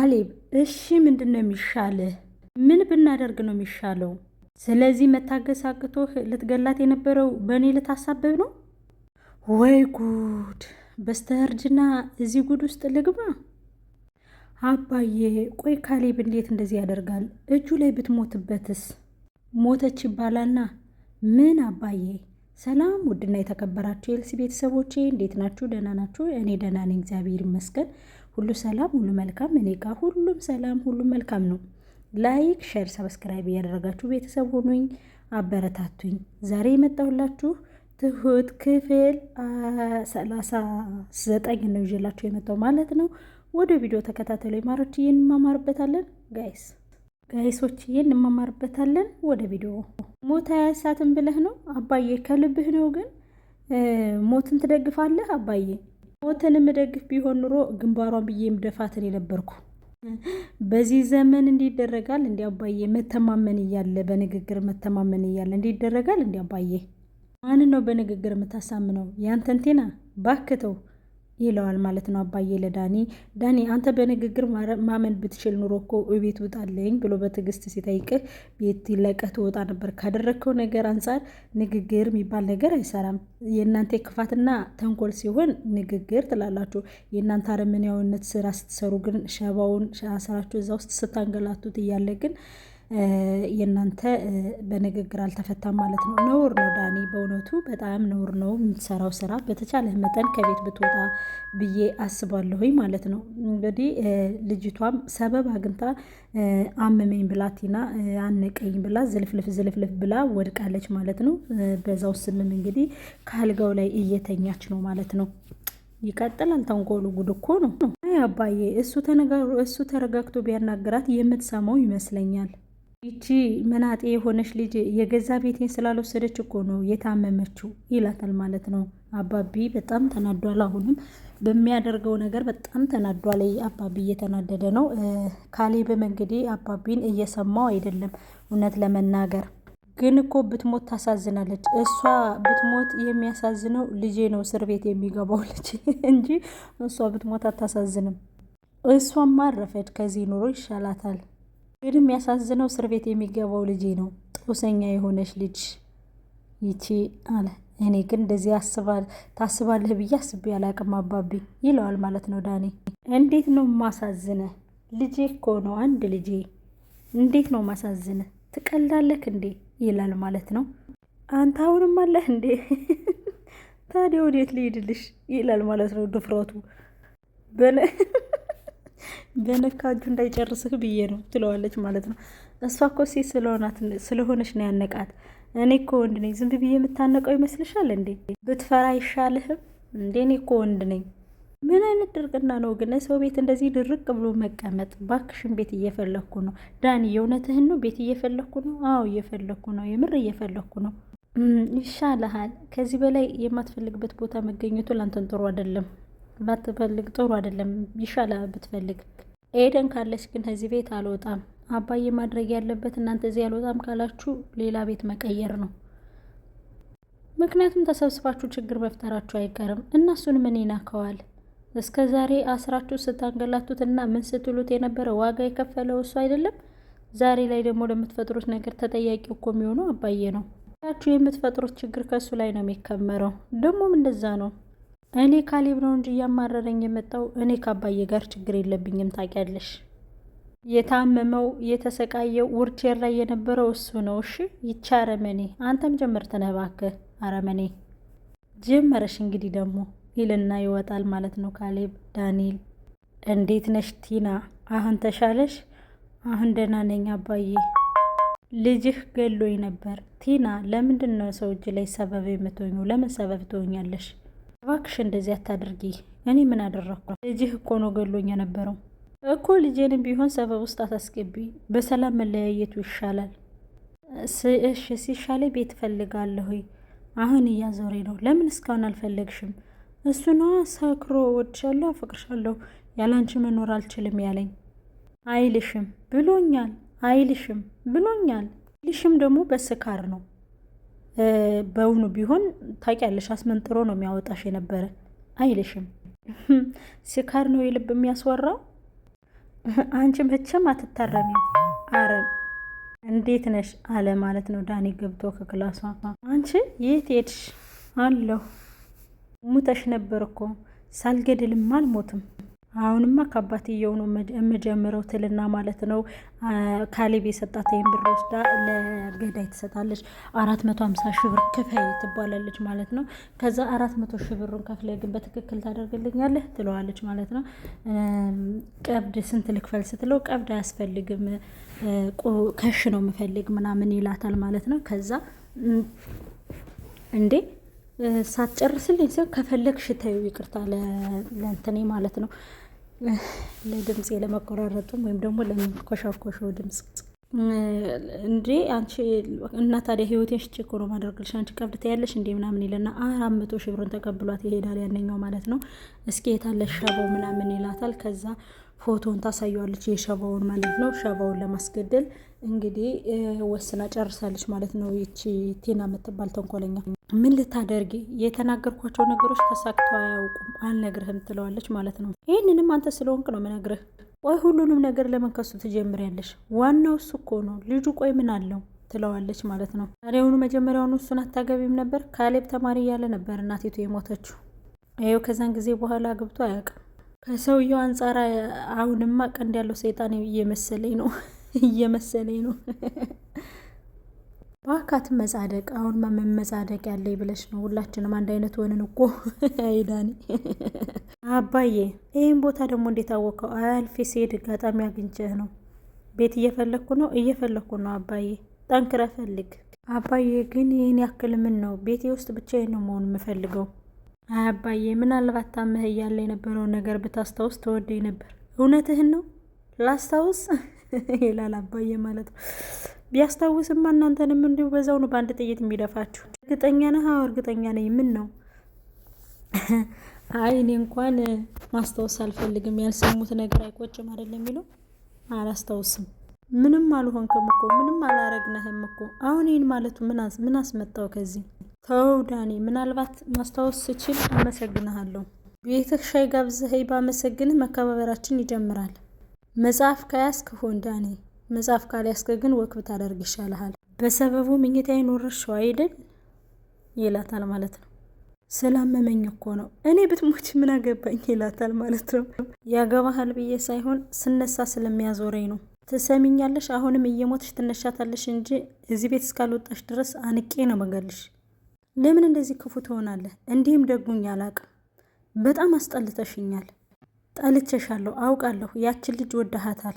ካሌብ እሺ ምንድን ነው የሚሻልህ? ምን ብናደርግ ነው የሚሻለው? ስለዚህ መታገስ አቅቶህ ልትገላት የነበረው በእኔ ልታሳበብ ነው ወይ? ጉድ በስተርጅና እዚህ ጉድ ውስጥ ልግባ። አባዬ ቆይ ካሌብ እንዴት እንደዚህ ያደርጋል? እጁ ላይ ብትሞትበትስ? ሞተች ይባላልና ምን አባዬ። ሰላም ውድና የተከበራችሁ የኤልሲ ቤተሰቦቼ እንዴት ናችሁ? ደህና ናችሁ? እኔ ደህና ነኝ፣ እግዚአብሔር ይመስገን። ሁሉ ሰላም፣ ሁሉ መልካም። እኔ ጋር ሁሉም ሰላም፣ ሁሉም መልካም ነው። ላይክ፣ ሼር፣ ሰብስክራይብ እያደረጋችሁ ቤተሰብ ሆኑኝ፣ አበረታቱኝ። ዛሬ የመጣሁላችሁ ትሁት ክፍል ሰላሳ ዘጠኝ ነው ይዤላችሁ የመጣው ማለት ነው። ወደ ቪዲዮ ተከታተሉ ማሮች፣ ይህን እንማማርበታለን ጋይስ ጋይሶች ይህን እንማማርበታለን። ወደ ቪዲዮ ሞት አያሳትም ብለህ ነው አባዬ፣ ከልብህ ነው ግን ሞትን ትደግፋለህ አባዬ ሞትን ምደግፍ ቢሆን ኑሮ ግንባሯን ብዬ ምደፋትን የነበርኩ። በዚህ ዘመን እንዲደረጋል እንዲ አባዬ መተማመን እያለ በንግግር መተማመን እያለ እንዲደረጋል እንዲ አባዬ። ማንን ነው በንግግር የምታሳምነው? ያንተን ቴና ባክተው ይለዋል ማለት ነው አባዬ ለዳኒ። ዳኒ አንተ በንግግር ማመን ብትችል ኑሮ እኮ ቤት ውጣለኝ ብሎ በትዕግስት ሲጠይቅህ ቤት ለቀህ ትወጣ ነበር። ካደረግከው ነገር አንጻር ንግግር የሚባል ነገር አይሰራም። የእናንተ ክፋትና ተንኮል ሲሆን ንግግር ትላላችሁ። የእናንተ አረመኔያዊነት ስራ ስትሰሩ ግን ሸባውን ስራችሁ እዛ ውስጥ ስታንገላቱት እያለ ግን የእናንተ በንግግር አልተፈታም ማለት ነው። ነውር ነው ዳኒ፣ በእውነቱ በጣም ነውር ነው የምትሰራው ስራ። በተቻለ መጠን ከቤት ብትወጣ ብዬ አስባለሁኝ ማለት ነው። እንግዲህ ልጅቷም ሰበብ አግኝታ አመመኝ ብላ ቲና አነቀኝ ብላ ዝልፍልፍ ዝልፍልፍ ብላ ወድቃለች ማለት ነው። በዛው ስምም እንግዲህ ከአልጋው ላይ እየተኛች ነው ማለት ነው። ይቀጥላል። ተንኮሉ ጉድ እኮ ነው። አይ አባዬ እሱ ተረጋግቶ ቢያናግራት የምትሰማው ይመስለኛል። ይቺ መናጤ የሆነች ልጅ የገዛ ቤቴን ስላልወሰደች እኮ ነው የታመመችው ይላታል ማለት ነው። አባቢ በጣም ተናዷል። አሁንም በሚያደርገው ነገር በጣም ተናዷል። አባቢ እየተናደደ ነው። ካሌብም እንግዲህ አባቢን እየሰማው አይደለም። እውነት ለመናገር ግን እኮ ብትሞት ታሳዝናለች። እሷ ብትሞት የሚያሳዝነው ልጄ ነው እስር ቤት የሚገባው ልጅ እንጂ እሷ ብትሞት አታሳዝንም። እሷም ማረፈች ከዚህ ኑሮ ይሻላታል። እንግዲህ የሚያሳዝነው እስር ቤት የሚገባው ልጄ ነው፣ ጦሰኛ የሆነች ልጅ ይቺ አለ። እኔ ግን እንደዚህ ታስባለህ ብዬ አስቤ አላቅም አባቢ ይለዋል ማለት ነው ዳኔ። እንዴት ነው ማሳዝነ? ልጄ እኮ ነው አንድ ልጄ፣ እንዴት ነው ማሳዝነ? ትቀላለክ እንዴ ይላል ማለት ነው። አንተ አሁንም አለህ እንዴ? ታዲያ ወዴት ልሂድልሽ ይላል ማለት ነው ድፍረቱ በነካ እጁ እንዳይጨርስህ ብዬ ነው ትለዋለች ማለት ነው። እሷ እኮ ሴት ስለሆነች ነው ያነቃት። እኔ እኮ ወንድ ነኝ፣ ዝም ብዬ የምታነቀው ይመስልሻል እንዴ? ብትፈራ አይሻልህም እንዴ? እኔ እኮ ወንድ ነኝ። ምን አይነት ድርቅና ነው ግን ሰው ቤት እንደዚህ ድርቅ ብሎ መቀመጥ? ባክሽን ቤት እየፈለግኩ ነው ዳኒ፣ የእውነትህን ነው? ቤት እየፈለግኩ ነው። አዎ እየፈለግኩ ነው፣ የምር እየፈለግኩ ነው። ይሻልሃል። ከዚህ በላይ የማትፈልግበት ቦታ መገኘቱ ላንተን ጥሩ አይደለም። ባትፈልግ ጥሩ አይደለም፣ ይሻላል ብትፈልግ። ኤደን ካለች ግን ከዚህ ቤት አልወጣም። አባዬ ማድረግ ያለበት እናንተ እዚህ አልወጣም ካላችሁ ሌላ ቤት መቀየር ነው። ምክንያቱም ተሰብስባችሁ ችግር መፍጠራችሁ አይቀርም። እነሱን ምን ይናከዋል? እስከ ዛሬ አስራችሁ ስታንገላቱት እና ምን ስትሉት የነበረ ዋጋ የከፈለው እሱ አይደለም? ዛሬ ላይ ደግሞ ለምትፈጥሩት ነገር ተጠያቂ እኮ የሚሆነው አባዬ ነው። ያችሁ የምትፈጥሩት ችግር ከእሱ ላይ ነው የሚከመረው። ደግሞም እንደዛ ነው። እኔ ካሌብ ነው እንጂ እያማረረኝ የመጣው እኔ ከአባዬ ጋር ችግር የለብኝም። ታውቂያለሽ፣ የታመመው የተሰቃየው ውርቼር ላይ የነበረው እሱ ነው። እሺ፣ ይቻ አረመኔ አንተም ጀምር ትነባክ አረመኔ ጀመረሽ። እንግዲህ ደግሞ ይልና ይወጣል ማለት ነው ካሌብ። ዳንኤል እንዴት ነሽ ቲና? አሁን ተሻለሽ? አሁን ደህና ነኝ አባዬ። ልጅህ ገሎኝ ነበር ቲና። ለምንድን ነው ሰው እጅ ላይ ሰበብ የምትሆኙ? ለምን ሰበብ ትሆኛለሽ? እባክሽ እንደዚህ አታድርጊ። እኔ ምን አደረግኩ? ልጅህ እኮ ነው ገሎኝ የነበረው እኮ። ልጄንም ቢሆን ሰበብ ውስጥ አታስገቢ። በሰላም መለያየቱ ይሻላል። እሺ ሲሻለኝ ቤት እፈልጋለሁ። አሁን እያዞሬ ነው። ለምን እስካሁን አልፈለግሽም? እሱ ነዋ ሰክሮ ወድሻለሁ፣ አፈቅርሻለሁ፣ ያላንቺ መኖር አልችልም ያለኝ። አይልሽም ብሎኛል፣ አይልሽም ብሎኛል። ልሽም ደግሞ በስካር ነው በውኑ ቢሆን ታውቂያለሽ፣ አስመንጥሮ ነው የሚያወጣሽ የነበረ አይልሽም። ሲካር ነው የልብ የሚያስወራው። አንቺ መቼም አትታረሚ። አረ እንዴት ነሽ አለ ማለት ነው ዳኒ ገብቶ ከክላሷ። አንቺ የት ሄድሽ? አለሁ ሙተሽ ነበር እኮ ሳልገድልም አልሞትም አሁንማ ከአባትየው ነው የምጀምረው ትልና ማለት ነው ካሌብ የሰጣትን ብር ወስዳ ለገዳይ ትሰጣለች። አራት መቶ ሀምሳ ሺህ ብር ክፈይ ትባላለች ማለት ነው። ከዛ አራት መቶ ሺህ ብሩን ከፍለ ግን በትክክል ታደርግልኛለህ ትለዋለች ማለት ነው። ቀብድ ስንት ልክፈል ስትለው ቀብድ አያስፈልግም ከሽ ነው የምፈልግ ምናምን ይላታል ማለት ነው። ከዛ እንዴ ሳትጨርስልኝ ሲሆን ከፈለግ ሽተዩ ይቅርታ ለእንትኔ ማለት ነው ለድምፅ ለመቆራረጡም ወይም ደግሞ ለኮሻኮሾ ድምፅ እንዴ አንቺ እና ታዲያ ህይወቴን ሽጬ እኮ ነው ማደርግልሽ፣ አንቺ ቀብድ ትያለሽ እንዴ ምናምን ይለና አራት መቶ ሺህ ብሩን ተቀብሏት ይሄዳል። ያነኛው ማለት ነው። እስኪ የታለ ሸበው ምናምን ይላታል። ከዛ ፎቶን ታሳየዋለች የሸበውን ማለት ነው። ሸበውን ለማስገደል እንግዲህ ወስና ጨርሳለች ማለት ነው። ይቺ ቴና የምትባል ተንኮለኛ ምን ልታደርጊ የተናገርኳቸው ነገሮች ተሳክተው አያውቁም፣ አልነግርህም ትለዋለች ማለት ነው። ይህንንም አንተ ስለሆንክ ነው ምነግርህ። ቆይ ሁሉንም ነገር ለምን ከሱ ትጀምሪያለሽ? ዋናው እሱ እኮ ነው ልጁ። ቆይ ምን አለው ትለዋለች ማለት ነው። ታዲያውኑ መጀመሪያውኑ እሱን አታገቢም ነበር። ካሌብ ተማሪ እያለ ነበር እናቴቱ የሞተችው። ይኸው ከዛን ጊዜ በኋላ ገብቶ አያውቅም። ከሰውየው አንጻር አሁንማ ቀንድ ያለው ሰይጣን እየመሰለኝ ነው እየመሰለኝ ነው። በአካት መጻደቅ አሁን መጻደቅ ያለ ብለሽ ነው። ሁላችንም አንድ አይነት ሆንን እኮ አይዳኒ አባዬ። ይህም ቦታ ደግሞ እንዴት አወቀው? አልፌ ስሄድ አጋጣሚ አግኝቼህ ነው። ቤት እየፈለግኩ ነው እየፈለግኩ ነው አባዬ። ጠንክረ ፈልግ አባዬ። ግን ይህን ያክል ምን ነው ቤቴ ውስጥ ብቻዬን ነው መሆን የምፈልገው። አባዬ ምናልባት ታመህ እያለ የነበረውን ነገር ብታስታውስ ተወደኝ ነበር። እውነትህን ነው ላስታውስ ይላል አባዬ ማለት ነው። ቢያስታውስማ እናንተንም እንዲሁ በዛው ነው በአንድ ጥይት የሚደፋችሁ። እርግጠኛ ነህ? አዎ እርግጠኛ ነኝ። ምን ነው? አይ እኔ እንኳን ማስታወስ አልፈልግም። ያልሰሙት ነገር አይቆጭም አይደለም የሚለው አላስታውስም። ምንም አልሆንክም እኮ ምንም አላረግነህም እኮ። አሁን ይህን ማለቱ ምን አስመጣው ከዚህ? ተው ዳኔ፣ ምናልባት ማስታወስ ስችል አመሰግንሃለሁ። ቤትህ ሻይ ጋብዘኸኝ ባመሰግንህ መከባበራችን ይጀምራል። መጽሐፍ ከያዝክ ሆንዳኔ መጽሐፍ ካልያዝክ ግን ወክብ ታደርግ ይሻልሃል። በሰበቡ ምኝታ ወረሽው አይደል ይላታል ማለት ነው። ስላመመኝ እኮ ነው እኔ ብትሞች ምን አገባኝ ይላታል ማለት ነው። ያገባሃል ብዬ ሳይሆን ስነሳ ስለሚያዞረኝ ነው። ትሰሚኛለሽ? አሁንም እየሞትሽ ትነሻታለሽ እንጂ እዚህ ቤት እስካልወጣሽ ድረስ አንቄ ነው መገልሽ። ለምን እንደዚህ ክፉ ትሆናለህ? እንዲህም ደጉኝ አላቅም። በጣም አስጠልተሽኛል። ጠልቸሻለሁ፣ አውቃለሁ። ያችን ልጅ ወዳሃታል።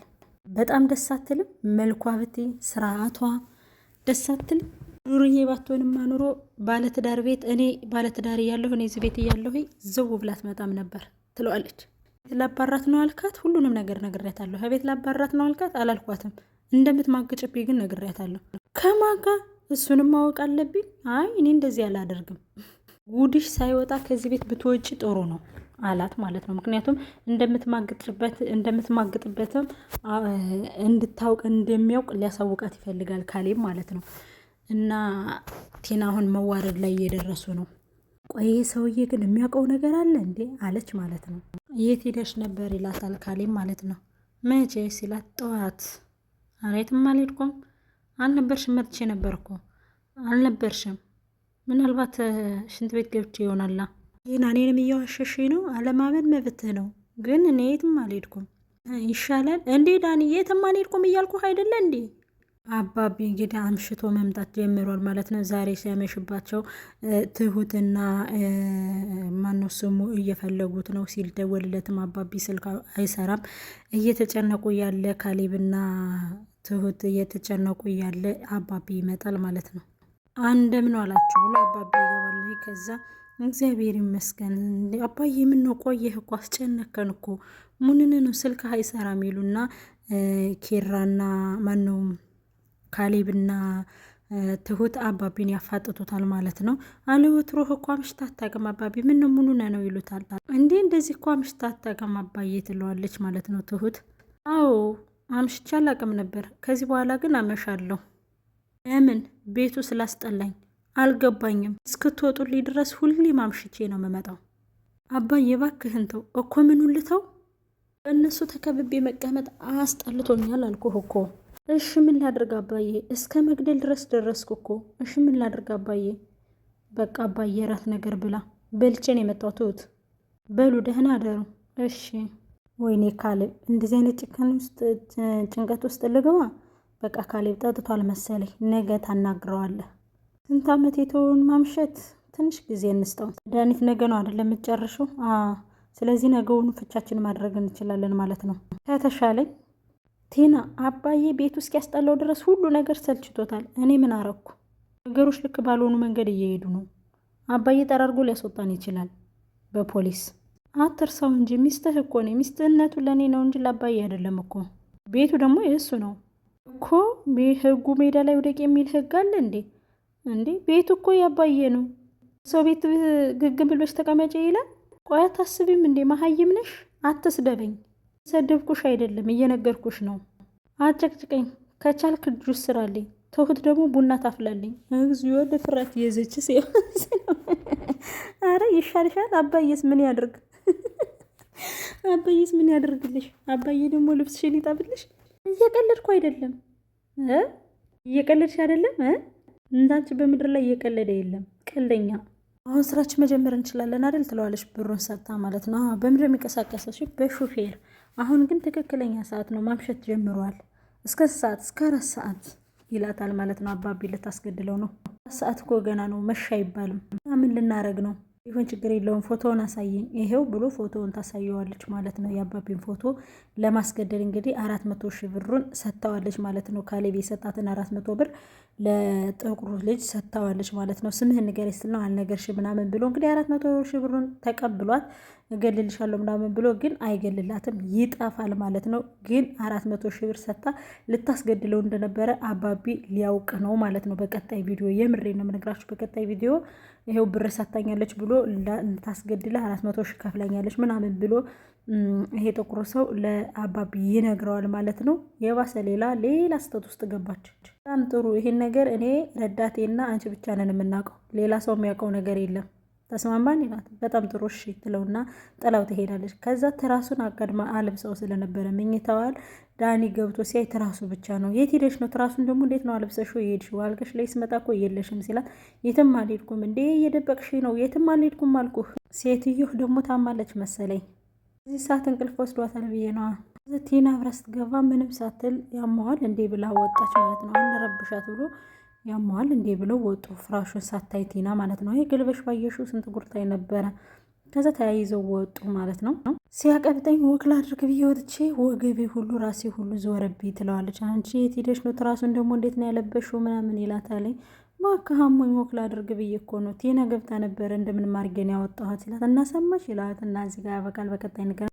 በጣም ደስ አትልም? መልኳ ብቴ ስርዓቷ ደስ አትልም? ኑርዬ ባትሆንማ ኑሮ ባለትዳር ቤት እኔ ባለትዳር እያለሁ እኔ እዚህ ቤት እያለሁ ዘው ብላት መጣም ነበር ትለዋለች። ቤት ላባራት ነው አልካት። ሁሉንም ነገር ነግሬያታለሁ። ከቤት ላባራት ነው አልካት። አላልኳትም እንደምትማግጭብኝ ግን ነግሬያታለሁ። ከማን ጋር እሱንም ማወቅ አለብኝ። አይ እኔ እንደዚህ አላደርግም። ጉድሽ ሳይወጣ ከዚህ ቤት ብትወጪ ጥሩ ነው። አላት ማለት ነው። ምክንያቱም እንደምትማግጥበት እንደምትማግጥበትም እንድታውቅ እንደሚያውቅ ሊያሳውቃት ይፈልጋል ካሌብ ማለት ነው። እና ቴና አሁን መዋረድ ላይ እየደረሱ ነው። ቆይ ሰውዬ ግን የሚያውቀው ነገር አለ እንዴ አለች ማለት ነው። የት ሄደሽ ነበር ይላታል ካሌብ ማለት ነው። መቼ ሲላት ጠዋት። ኧረ የትም አልሄድኩም። አልነበርሽም? መጥቼ ነበርኩ አልነበርሽም። ምናልባት ሽንት ቤት ገብቼ ይሆናላ ግን እኔንም እያዋሸሽ ነው። አለማመን መብትህ ነው፣ ግን እኔ የትም አልሄድኩም ይሻላል እንዴ ዳኒ፣ የትም አልሄድኩም እያልኩ አይደለ እንዴ? አባቢ እንግዲህ አምሽቶ መምጣት ጀምሯል ማለት ነው። ዛሬ ሲያመሽባቸው ትሁትና ማነው ስሙ እየፈለጉት ነው። ሲል ደወልለትም፣ አባቢ ስልክ አይሰራም። እየተጨነቁ ያለ ካሌብና ትሁት እየተጨነቁ ያለ አባቢ ይመጣል ማለት ነው። አንደምን አላችሁ ብሎ አባቢ ይገባል። ከዛ እግዚአብሔር ይመስገን። አባዬ ነው ቆየህ እኮ አስጨነከን እኮ ነው ስልክ አይሰራም ይሉና ኬራና ማነው ካሌብና ትሁት አባቢን ያፋጥጡታል ማለት ነው። አለወትሮህ እኮ አምሽታ አታውቅም አባቢ፣ ምነው ሙኑነ ነው ይሉታል። እንዲህ እንደዚህ እኮ አምሽታ አታውቅም አባዬ ትለዋለች ማለት ነው ትሁት። አዎ አምሽቼ አላውቅም ነበር፣ ከዚህ በኋላ ግን አመሻለሁ። ለምን? ቤቱ ስላስጠላኝ አልገባኝም። እስክትወጡልኝ ድረስ ሁሌ ማምሽቼ ነው የምመጣው። አባዬ እባክህን ተው እኮ ምኑን ልተው? እነሱ ተከብቤ መቀመጥ አስጠልቶኛል አልኩህ እኮ። እሺ ምን ላድርግ አባዬ? እስከ መግደል ድረስ ደረስኩ እኮ። እሺ ምን ላድርግ አባዬ? በቃ አባዬ ራት ነገር ብላ በልቼን የመጣው ትሁት። በሉ ደህና አደሩ። እሺ ወይኔ ካሌብ፣ እንደዚህ አይነት ጭካኔ ውስጥ ጭንቀት ውስጥ ልግባ። በቃ ካሌብ ጠጥቷል መሰለኝ፣ ነገ ታናግረዋለህ። ስንት ዓመት የተወውን ማምሸት ትንሽ ጊዜ እንስጠው። መድኃኒት ነገ ነው አይደለም የምትጨርሹ? ስለዚህ ነገውን ፍቻችን ማድረግ እንችላለን ማለት ነው። ከተሻለኝ ቴና አባዬ ቤት ውስጥ ያስጠላው ድረስ ሁሉ ነገር ሰልችቶታል። እኔ ምን አረኩ? ነገሮች ልክ ባልሆኑ መንገድ እየሄዱ ነው። አባዬ ጠራርጎ ሊያስወጣን ይችላል በፖሊስ። አትርሳው እንጂ ሚስትህ እኮ ነኝ። ሚስትህነቱ ለእኔ ነው እንጂ ለአባዬ አይደለም እኮ። ቤቱ ደግሞ የእሱ ነው እኮ። ህጉ ሜዳ ላይ ውደቅ የሚል ህግ አለ እንዴ? እንዴ ቤቱ እኮ ያባየ ነው። ሰው ቤት ግግም ብሎች ተቀመጨ ይላል። ቆይ አታስቢም እንዴ መሀይም ነሽ? አትስደበኝ። ሰደብኩሽ አይደለም እየነገርኩሽ ነው። አጨቅጭቀኝ ከቻልክ ጁስ ስራልኝ፣ ትሁት ደግሞ ቡና ታፍላልኝ። እግዚኦ ድፍረት የዘች ሲሆን አረ ይሻልሻል። አባየስ ምን ያድርግ? አባየስ ምን ያደርግልሽ? አባዬ ደግሞ ልብስሽን ይጠብልሽ። እየቀለድኩ አይደለም። እየቀለድሽ አይደለም እንዳንቺ በምድር ላይ እየቀለደ የለም ቀልደኛ። አሁን ስራችን መጀመር እንችላለን አይደል ትለዋለች ብሩን ሰጥታ ማለት ነው። በምድር የሚንቀሳቀሰው በሹፌር አሁን ግን ትክክለኛ ሰዓት ነው ማምሸት ጀምሯል። እስከ ሰዓት እስከ አራት ሰዓት ይላታል ማለት ነው። አባቢ ልታስገድለው ነው። ሰዓት እኮ ገና ነው መሻ አይባልም። ምን ልናረግ ነው? ይሁን ችግር የለውም ፎቶውን አሳየኝ ይሄው ብሎ ፎቶውን ታሳየዋለች ማለት ነው። የአባቢን ፎቶ ለማስገደል እንግዲህ አራት መቶ ሺህ ብሩን ሰጥተዋለች ማለት ነው። ካሌብ የሰጣትን አራት መቶ ብር ለጥቁሩ ልጅ ሰጥተዋለች ማለት ነው። ስምህን ንገረኝ ስትል ነው አልነገርሽ ምናምን ብሎ እንግዲህ አራት መቶ ሺህ ብሩን ተቀብሏት እገልልሻለሁ ምናምን ብሎ ግን አይገልላትም፣ ይጠፋል ማለት ነው። ግን አራት መቶ ሺህ ብር ሰጥታ ልታስገድለው እንደነበረ አባቢ ሊያውቅ ነው ማለት ነው። በቀጣይ ቪዲዮ የምሬ ነው የምነግራችሁ። በቀጣይ ቪዲዮ ይሄው ብር ሰታኛለች ብሎ ልታስገድለ አራት መቶ ሺህ ከፍላኛለች ምናምን ብሎ ይሄ ጥቁሩ ሰው ለአባቢ ይነግረዋል ማለት ነው። የባሰ ሌላ ሌላ ስህተት ውስጥ ገባችች። በጣም ጥሩ። ይሄን ነገር እኔ ረዳቴና አንቺ ብቻ ነን የምናውቀው፣ ሌላ ሰው የሚያውቀው ነገር የለም። ተስማማን ይላት በጣም ጥሩ እሺ ትለውና ጥላው ትሄዳለች። ከዛ ትራሱን አቀድማ አልብሰው ስለነበረ መኝታዋል ዳኒ ገብቶ ሲያይ ትራሱ ብቻ ነው። የት ሄደሽ ነው? ትራሱን ደግሞ እንዴት ነው አልብሰሽው የሄድሽው? አልጋሽ ላይ ስመጣ እኮ የለሽም ሲላት የትም አልሄድኩም እንዴ እየደበቅሽ ነው? የትም አልሄድኩም አልኩህ። ሴትዮህ ደግሞ ታማለች መሰለኝ እዚህ ሰዓት እንቅልፍ ወስዷታል ብዬ ነዋ። ቲና አብራ ስትገባ ምንም ሳትል ያመዋል እንዴ ብላ ወጣች ማለት ነው አንረብሻት ብሎ ያማል እንዴ ብለው ወጡ። ፍራሹን ሳታይ ቲና ማለት ነው። ይህ ግልበሽ ባየሽው ስንት ጉርታይ ነበረ። ከዛ ተያይዘው ወጡ ማለት ነው። ሲያቀብጠኝ ወክል አድርግ ብዬ ወጥቼ ወገቤ ሁሉ ራሴ ሁሉ ዞረብኝ ትለዋለች። አንቺ የት ሄደሽ ነው? ትራሱን ደግሞ እንዴት ነው ያለበሽው? ምናምን ይላታለኝ። ማካሃሞኝ ወክል አድርግ ብዬ እኮ ነው ቲና ገብታ ነበረ እንደምንም አድርጌ ነው ያወጣኋት ይላት። እናሰማሽ ይላት እና እዚህ ጋር ያበቃል። በቀጣይ ነገር